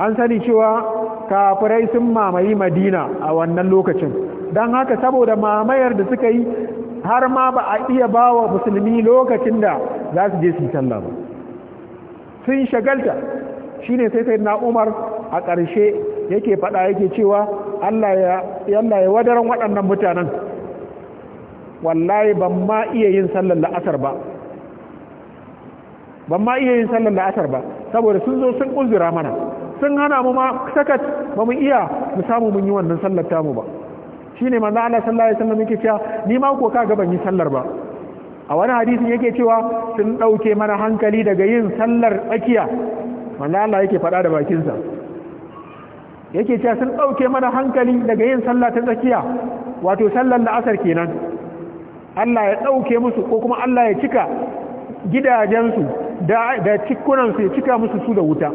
an sani cewa kafirai sun mamayi madina a wannan lokacin don haka saboda mamayar da suka yi har ma ba a iya ba wa musulmi lokacin da za su je su talla ba sun shagalta shi ne sai sai na umar a ƙarshe yake faɗa yake cewa allah ya wadaran waɗannan mutanen wallahi ban ma iya yin sallar la'asar ba ban ma iya yin sallar la'asar ba saboda sun zo sun uzura mana sun hana mu ma sakat ba mu iya mu samu mun yi wannan sallar tamu ba Shi ne manzo Allah sallallahu alaihi wasallam yake cewa ni ma ko ka ga ban yi sallar ba a wani hadisin yake cewa sun dauke mana hankali daga yin sallar tsakiya manzo Allah yake faɗa da bakinsa yake cewa sun dauke mana hankali daga yin sallar ta tsakiya wato sallar da asar kenan Allah ya dauke musu ko kuma Allah ya cika gidajensu da cikunansu ya cika musu su da wuta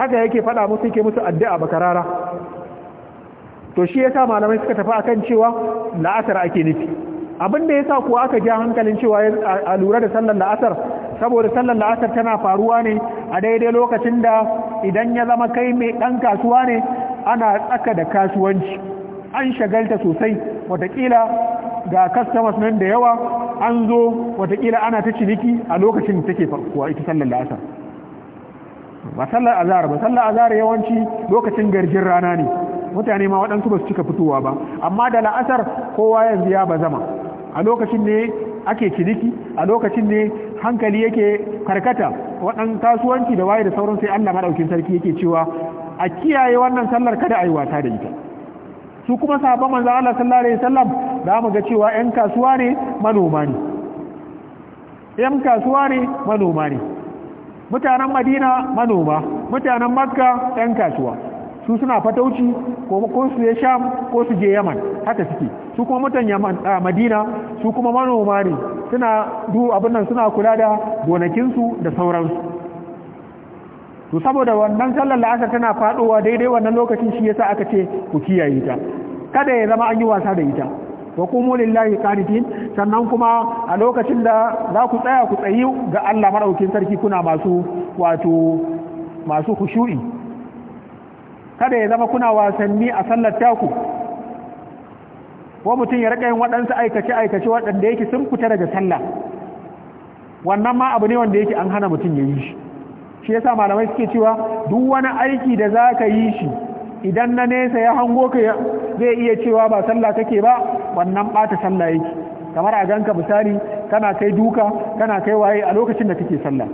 haka yake faɗa musu yake musu addu'a bakarara to shi yasa malamai suka tafi akan cewa la'asar ake nufi abin da yasa kuwa aka ja hankalin cewa a lura da sallar la'asar saboda sallar la'asar tana faruwa ne a daidai lokacin da idan ya zama kai mai dan kasuwa ne ana tsaka da kasuwanci an shagalta sosai watakila ga customers nan da yawa an zo watakila ana ta ciniki a lokacin da take faruwa ita sallar la'asar Masallar azara azhar ba sallar azhar yawanci lokacin garjin rana ne mutane ma waɗansu ba su cika fitowa ba amma da la'asar kowa yanzu ya zama a lokacin ne ake ciniki a lokacin ne hankali yake karkata waɗan kasuwanci da waye da sauran sai Allah maɗaukin sarki yake cewa a kiyaye wannan sallar kada a yi wata da ita su kuma sahaba manzan Allah sallallahu alaihi wasallam za mu ga cewa 'yan kasuwa ne manoma ne 'yan kasuwa ne manoma ne mutanen madina manoma mutanen makka ɗan kasuwa su suna fatauci ko ko su ya sham ko su je yaman haka suke su kuma mutan yaman a madina su kuma manoma ne suna du abin nan suna kula da gonakinsu da sauransu to saboda wannan sallar la'asar tana faɗowa daidai wannan lokacin shi yasa aka ce ku kiyaye ta kada ya zama an yi wasa da ita wa qumu lillahi qanitin sannan kuma a lokacin da za ku tsaya ku tsayi ga Allah madaukin sarki kuna masu wato masu khushu'i kada ya zama kuna wasanni a sallar taku ko mutum ya rika yin waɗansu aikace-aikace waɗanda yake sun fita daga sallah wannan ma abu ne wanda yake an hana mutum ya yi shi shi yasa malamai suke cewa duk wani aiki da za ka yi shi idan na nesa ya hango ka zai iya cewa ba sallah kake ba wannan bata sallah yake kamar a ganka misali kana kai duka kana kai waye a lokacin da kake sallah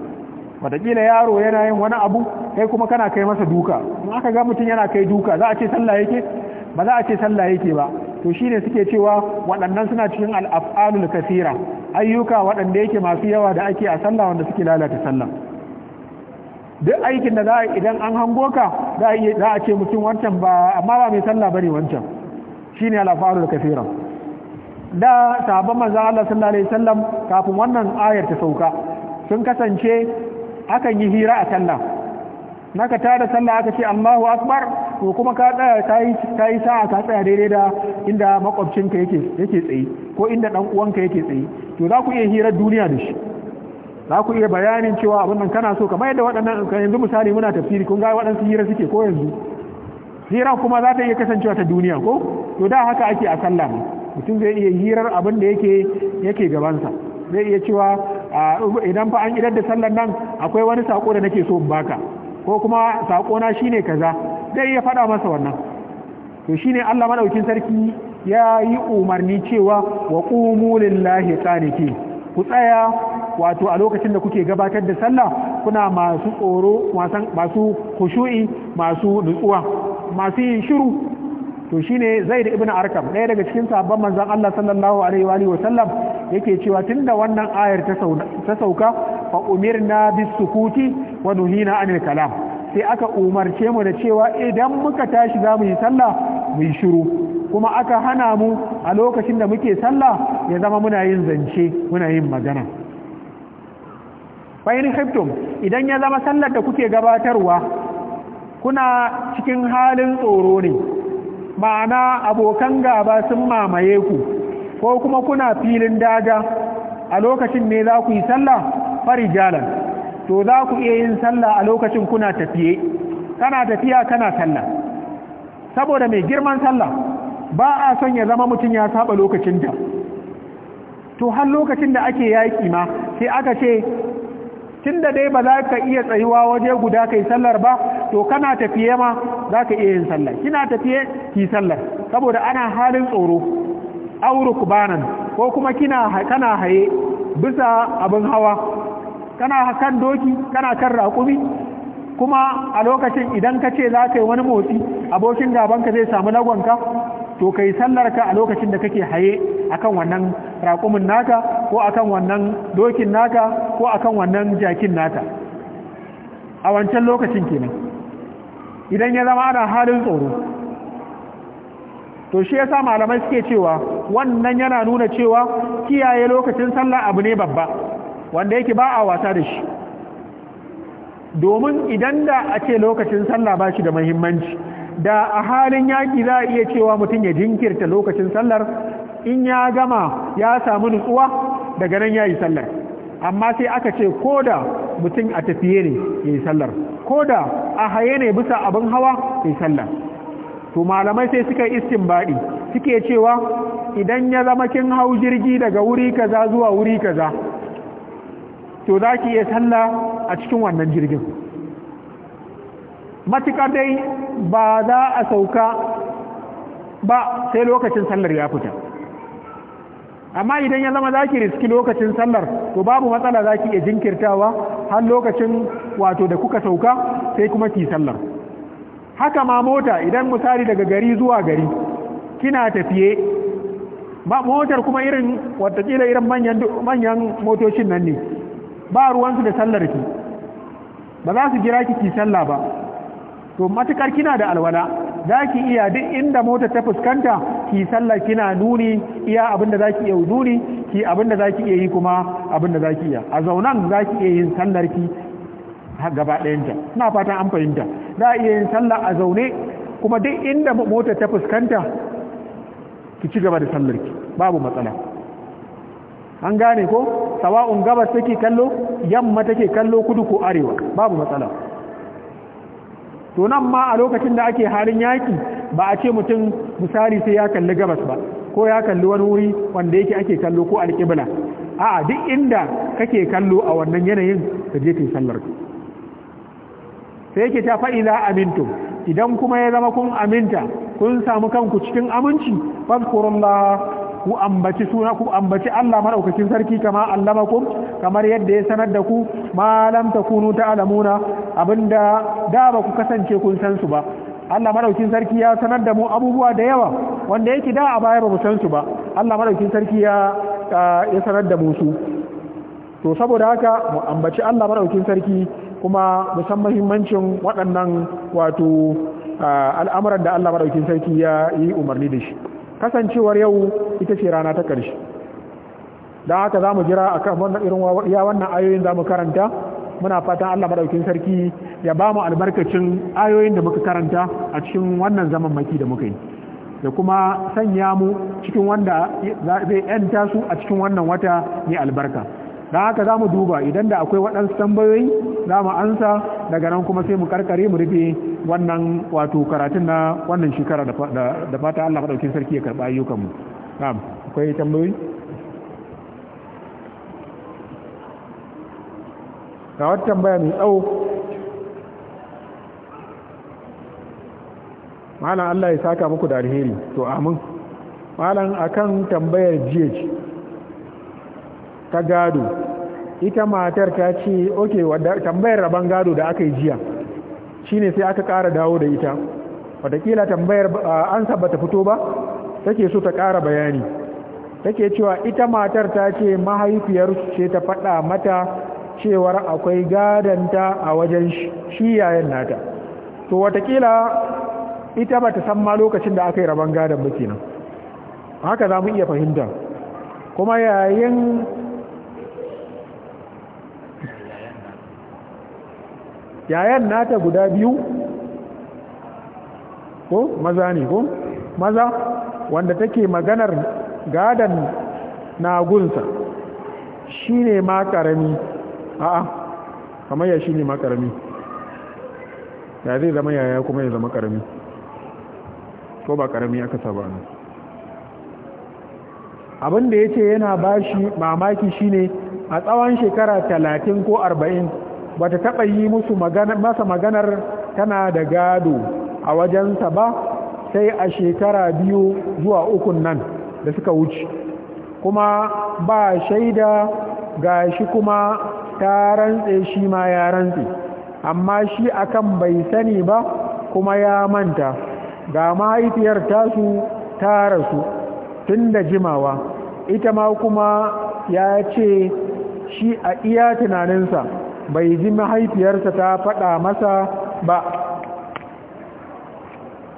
wataƙila yaro yana yin wani abu kai kuma kana kai masa duka in aka ga mutum yana kai duka za a ce sallah yake ba za a ce sallah yake ba to shine suke cewa waɗannan suna cikin al'af'alul kasira ayyuka waɗanda yake masu yawa da ake a sallah wanda suke lalata sallah duk aikin da za a idan an hango ka za a ce mutum wancan ba amma ba mai sallah bane wancan shi ne afaru da kafira da sahabban manzon Allah sallallahu alaihi wasallam kafin wannan ayar ta sauka sun kasance akan yi hira a sallah naka tada sallah aka ce Allahu akbar ko kuma ka tsaya yi sa'a ka tsaya daidai da inda makwabcinka yake yake tsaye ko inda dan uwanka yake tsaye to za ku iya hirar duniya da shi za ku iya bayanin cewa abin nan kana so ka mayar yadda waɗannan yanzu misali muna tafsiri kun ga waɗansu hira suke ko yanzu hira kuma za ta iya kasancewa ta duniya ko to da haka ake a sallah mutum zai iya hirar abin da yake yake gabansa zai iya cewa idan fa an idar da sallar nan akwai wani sako da nake so in baka ko kuma sako na shine kaza zai iya faɗa masa wannan to shine Allah madaukin sarki ya yi umarni cewa wa qumu lillahi qanitin ku tsaya wato a lokacin da kuke gabatar da sallah kuna masu tsoro masu kushu'i masu nutsuwa masu yin shiru to shine zaid ibn arkam ɗaya daga cikin sabon manzon Allah sallallahu alaihi wa sallam yake cewa tunda wannan ayar ta sauka fa umirna bis sukuti wa nuhina anil kalam sai aka umarce mu da cewa idan muka tashi za mu yi sallah mu yi shiru kuma aka hana mu a lokacin da muke sallah ya zama muna yin zance muna yin magana bayan haifton idan ya zama sallar da kuke gabatarwa kuna cikin halin tsoro ne ma'ana abokan gaba sun mamaye ku ko kuma kuna filin daga a lokacin ne za ku yi sallah farijalan to za ku iya yin sallah a lokacin kuna tafiye kana tafiya kana sallah saboda mai girman sallah ba a son ya zama mutum ya saba lokacin da to har lokacin da ake yaƙi ma sai aka ce tun da dai ba za ka iya tsayuwa waje guda kai sallar ba to kana tafiye ma za ka iya yin sallah kina tafiye ki sallar saboda ana halin tsoro auruk banan ko kuma kina kana haye bisa abin hawa kana kan doki kana kan raƙumi kuma a lokacin idan ka ce za ka yi wani motsi abokin gabanka zai samu lagonka to kai ka a lokacin da kake haye akan wannan raƙumin naka ko akan wannan dokin naka ko akan wannan jakin naka a wancan lokacin kenan idan ya zama ana halin tsoro to shi yasa malamai suke cewa wannan yana nuna cewa kiyaye lokacin sallah abu ne babba wanda yake ba a wasa da shi domin idan da a ce lokacin sallah ba shi da mahimmanci da a halin yaƙi za a iya cewa mutum ya jinkirta lokacin sallar in ya gama ya samu nutsuwa daga nan ya yi sallar amma sai aka ce ko da mutum a tafiye ne ya yi sallar ko da a haye ne bisa abin hawa ya yi sallar to malamai sai suka istin baɗi suke cewa idan ya zama kin hau jirgi daga wuri kaza zuwa wuri kaza to za ki iya sallah a cikin wannan jirgin matuƙar dai ba za a sauka ba sai lokacin sallar ya fita amma idan ya zama za ki riski lokacin sallar to babu matsala za ki iya jinkirtawa har lokacin wato da kuka sauka sai kuma ki sallar haka ma mota idan misali daga gari zuwa gari kina tafiye motar kuma irin watakila irin manyan motocin nan ne ba ruwansu da sallar ki ba za su jira ki sallah ba to matukar kina da alwala za ki iya duk inda mota ta fuskanta ki sallah kina nuni iya abinda za ki iya nuni ki abinda za ki iya yi kuma abinda za ki iya a zaunan za ki iya yin sallar ki gaba ɗayanta ina fatan an fahimta za a iya yin salla a zaune kuma duk inda mota ta fuskanta ki ci gaba da sallar ki babu matsala an gane ko sawa'un gabas take kallo yamma take kallo kudu ko arewa babu matsala to nan ma a lokacin da ake halin yaki ba a ce mutum misali sai ya kalli gabas ba ko ya kalli wani wuri wanda yake ake kallo ko alƙibla a'a duk inda kake kallo a wannan yanayin ka je kai sallar ka sai yake ta ila amintu, idan kuma ya zama kun aminta kun samu kanku cikin aminci fadkurullah ku ambaci suna ku ambaci Allah madaukakin sarki kama allamakum kamar yadda ya sanar da ku ma lam takunu ta'lamuna abinda da ba ku kasance kun san su ba Allah madaukin sarki ya sanar da mu abubuwa da yawa wanda yake da a baya ba mu san su ba Allah madaukin sarki ya ya sanar da mu su to saboda haka mu ambaci Allah madaukin sarki kuma musamman muhimmancin waɗannan wato al'amuran da Allah maɗaukin sarki ya yi umarni da shi kasancewar yau ita ce rana ta ƙarshe da haka za mu jira a kan irin ya wannan ayoyin za mu karanta muna fatan allah maɗaukin sarki ya ba mu albarkacin ayoyin da muka karanta a cikin wannan zaman maki da muka yi da kuma sanya mu cikin wanda zai 'yanta su a cikin wannan wata mai albarka Da haka za mu duba idan da akwai waɗansu tambayoyi za mu ansa daga nan kuma sai mu karkare mu rufe wannan wato karatun na wannan shekara da fata Allah maɗaukin sarki ya karɓa ayyukanmu na'am akwai tambayoyi ga wata tambaya mai tsawo malam Allah ya saka muku da alheri to amin malam akan tambayar GH ta gado ita matar ta ce oke tambayar rabon gado da aka yi jiya shine sai aka kara dawo da ita watakila tambayar an bata fito ba take so ta ƙara bayani take cewa ita matar ta ce mahaifiyar ce ta faɗa mata cewar akwai gadanta a wajen shi yayin nata to watakila ita bata san ma lokacin da aka yi rabon gadon ba kenan haka za mu iya fahimta kuma yayin yayan nata guda biyu ko maza ne ko maza wanda take maganar gadan nagunsa shi ne ma karami a'a kamar ya shi ne ma karami ya zai zama yaya kuma ya zama karami ko ba karami aka saba ne abinda ya ce yana ba shi mamaki shine a tsawon shekara talatin ko arba'in ba ta taɓa yi musu masa maganar tana da gado a wajensa ba sai a shekara biyu zuwa ukun nan da suka wuce kuma ba shaida ga shi kuma ta rantse shi ma ya rantse amma shi akan bai sani ba kuma ya manta ga mahaifiyar tasu ta rasu tun da jimawa ita ma kuma ya ce shi a iya tunaninsa bai ji mahaifiyarsa ta faɗa masa ba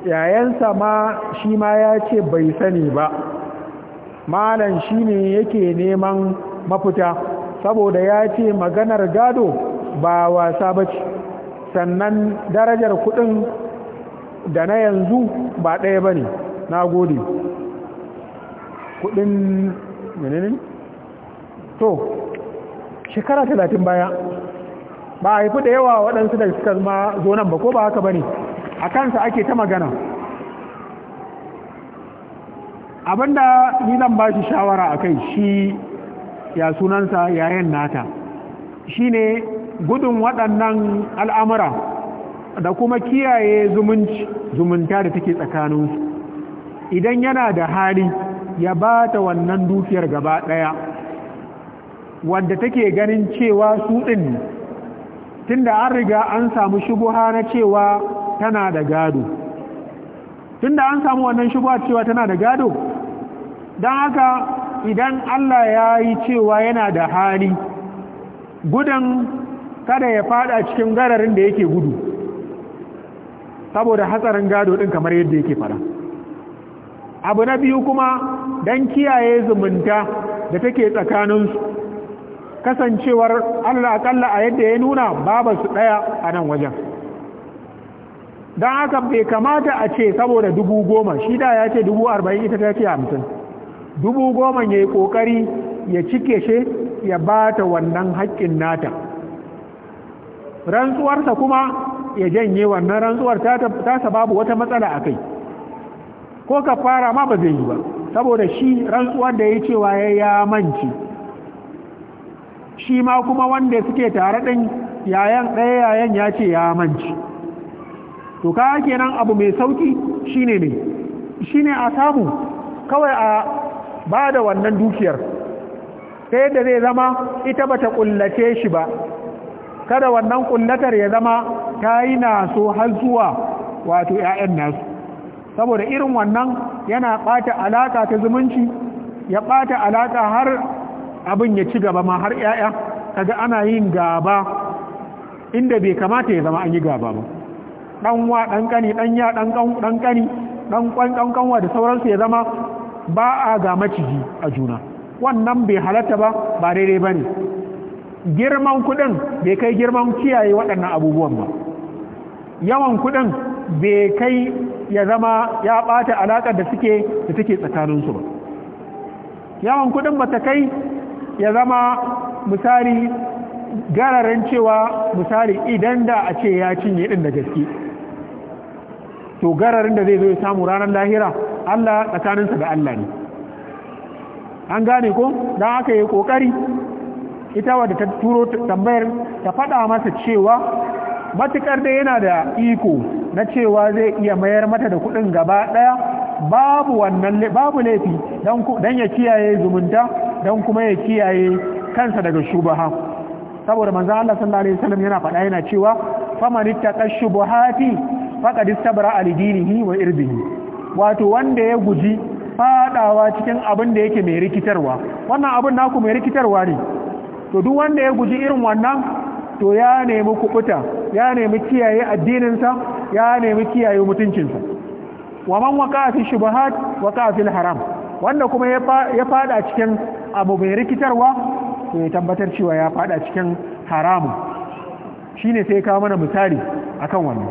yayansa ma shi ma ya ce bai sani ba malan shi ne yake neman mafita saboda ya ce maganar gado ba wasa ba ce sannan darajar kudin da na yanzu ba ɗaya ba ne na gode kudin menene to shekara talatin baya ba a haifi da yawa waɗansu da suka zama zo nan ba ko ba haka ba ne a kansa ake ta magana abinda ni zan ba shi shawara a kai shi ya sunansa yayin nata shi ne gudun waɗannan al'amura da kuma kiyaye zumunci zumunta da take tsakaninsu idan yana da hali ya ba ta wannan dukiyar gaba ɗaya wanda take ganin cewa su ɗin tunda an riga an samu shubuha na cewa tana da gado tunda an samu wannan shubuha cewa tana da gado don haka idan Allah ya yi cewa yana da hali gudan kada ya fada cikin gararin da yake gudu saboda hatsarin gado din kamar yadda yake fara abu na biyu kuma don kiyaye zumunta da take tsakaninsu kasancewar allah akalla a yadda ya nuna su ɗaya a nan wajen don haka bai kamata a ce saboda dubu goma shi da ya ce dubu arba'in ita ta ce hamsin dubu goma ya yi ƙoƙari ya cike shi ya ba ta wannan haƙƙin nata rantsuwarsa kuma ya janye wannan rantsuwar ta babu wata matsala a kai ko ka fara ma ba zai yi ba saboda shi rantsuwar da ya cewa ya manci shi ma kuma wanda suke tare ɗin yayan ɗaya yayan ya ce ya manci to ka nan abu mai sauki shine ne shine a samu kawai a ba da wannan dukiyar ta yadda zai zama ita ba ta ƙullace shi ba kada wannan ƙullatar ya zama ta yi naso har zuwa wato 'ya'yan nasu saboda irin wannan yana ɓata alaƙa ta zumunci ya ɓata alaƙa har abin ya ci gaba ma har 'ya'ya kaga ana yin gaba inda bai kamata ya zama an yi gaba ba dan wa dan kani dan ya dan dan kani dan kwan dan kanwa da sauransu ya zama ba a ga maciji a juna wannan bai halatta ba ba daidai ba ne. girman kuɗin bai kai girman kiyaye waɗannan abubuwan ba yawan kuɗin bai kai ya zama ya ɓata alaƙar da suke da take tsakaninsu ba yawan kuɗin ba ta kai ya zama misali gararin cewa misali idan da a ce ya cinye din da gaske to gararin da zai zo ya samu ranar lahira Allah tsakaninsa da Allah ne an gane ko don aka yi kokari ita wadda ta turo tambayar ta faɗa masa cewa matukar da yana da iko na cewa zai iya mayar mata da kuɗin gaba ɗaya babu wannan babu laifi dan ya kiyaye zumunta dan kuma ya kiyaye kansa daga shubaha saboda manzo Allah sallallahu alaihi wasallam yana faɗa yana cewa faman kashubuhati shubuhati faqad istabra alidinihi wa irdihi wato wanda ya guji fadawa cikin abin da yake mai rikitarwa wannan abin naku mai rikitarwa ne to duk wanda ya guji irin wannan to ya nemi kukuta ya nemi kiyaye addininsa ya nemi kiyaye mutuncinsa wa man waka fi shubahat waka fil haram wanda kuma ya fada cikin abu mai rikitarwa to ya tabbatar cewa ya fada cikin haramun shine sai ka mana misali akan wannan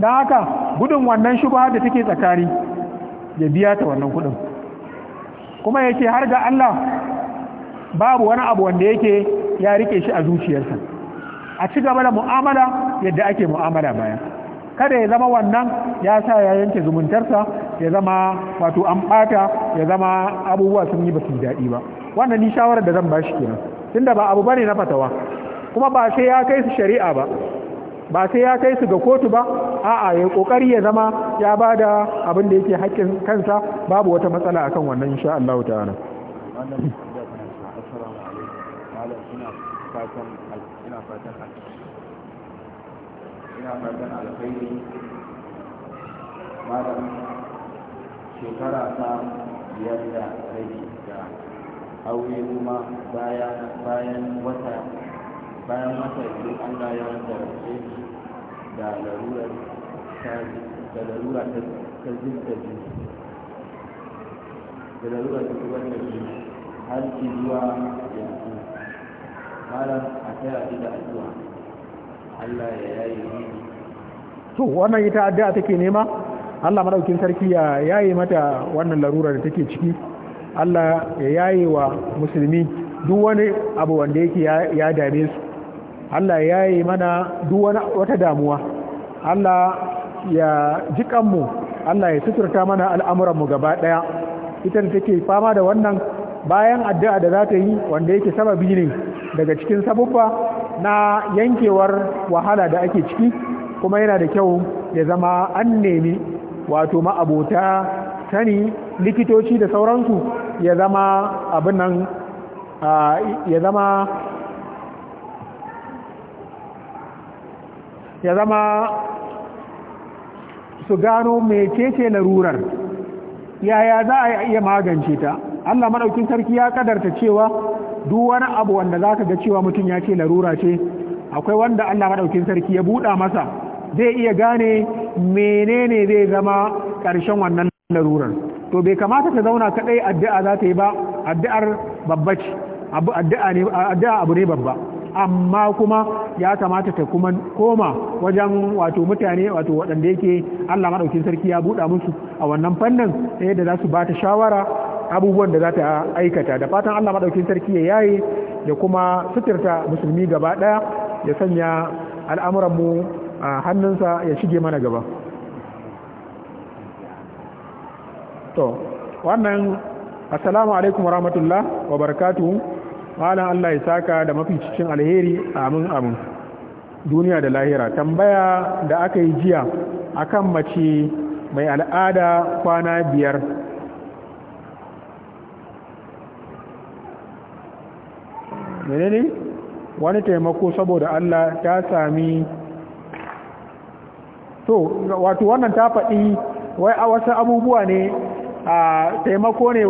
Dan haka gudun wannan shubha da take tsakari ya biya ta wannan kudin kuma yake har ga Allah babu wani abu wanda yake ya rike shi a zuciyarsa a ci gaba da mu'amala yadda ake mu'amala bayan. kada ya zama wannan ya sa ya yanke zumuntarsa ya zama wato an bata ya zama abubuwa sun yi basu daɗi ba wannan ni shawarar da zan ba shi kenan tunda ba abu bane na fatawa kuma ba sai ya kai su shari'a ba ba sai ya kai su ga kotu ba a'a ya kokari ya zama ya bada abin da yake haƙƙin kansa babu wata matsala akan wannan insha Allah ta'ala ina fatan alkhairi malam shekara ta biyar da rai da aure kuma bayan wata bayan wata idan allah ya wanda rage da larurar da larura ta zinta jini da larura ta zuwa ta jini har ki zuwa yanzu malam a taya da addu'a Allah ya yayi to wannan ita addu'a take nema Allah madaukin sarki ya yayi mata wannan larura da take ciki Allah ya yayi wa musulmi duk wani abu wanda yake ya dame su Allah ya yayi mana duk wani wata damuwa Allah ya ji kanmu Allah ya suturta mana mu gaba ɗaya ita da take fama da wannan bayan addu'a da za ta yi wanda yake sababi ne daga cikin sabubba na yankewar wahala da ake ciki kuma yana da kyau ya zama an nemi wato ma'abota sani likitoci da sauransu ya zama abin nan ya zama ya zama su gano mai na larurar yaya za a iya magance ta Allah maɗaukin sarki ya kadarta cewa duk wani abu wanda za ka ga cewa mutum ya ce larura ce akwai wanda Allah maɗaukin sarki ya buɗa masa zai iya gane menene zai zama ƙarshen wannan larurar to bai kamata ta zauna kaɗai addu'a za ta yi ba addu'ar babba ce addu'a abu ne babba amma kuma ya kamata ta kuma koma wajen wato mutane wato waɗanda yake Allah maɗaukin sarki ya buɗa musu a wannan fannin ta yadda za su ba ta shawara abubuwan da za ta aikata da fatan Allah maɗaukin sarki ya yi da kuma suturta musulmi gaba ɗaya ya sanya al'amuranmu a hannunsa ya shige mana gaba to wannan assalamu alaikum rahmatullah wa barakatu malam Allah ya saka da mafi cikin alheri amin amin duniya da lahira tambaya da aka yi jiya akan mace mai al'ada kwana biyar menene wani taimako saboda Allah ta sami to wato wannan ta faɗi wai a wasu abubuwa ne a taimako ne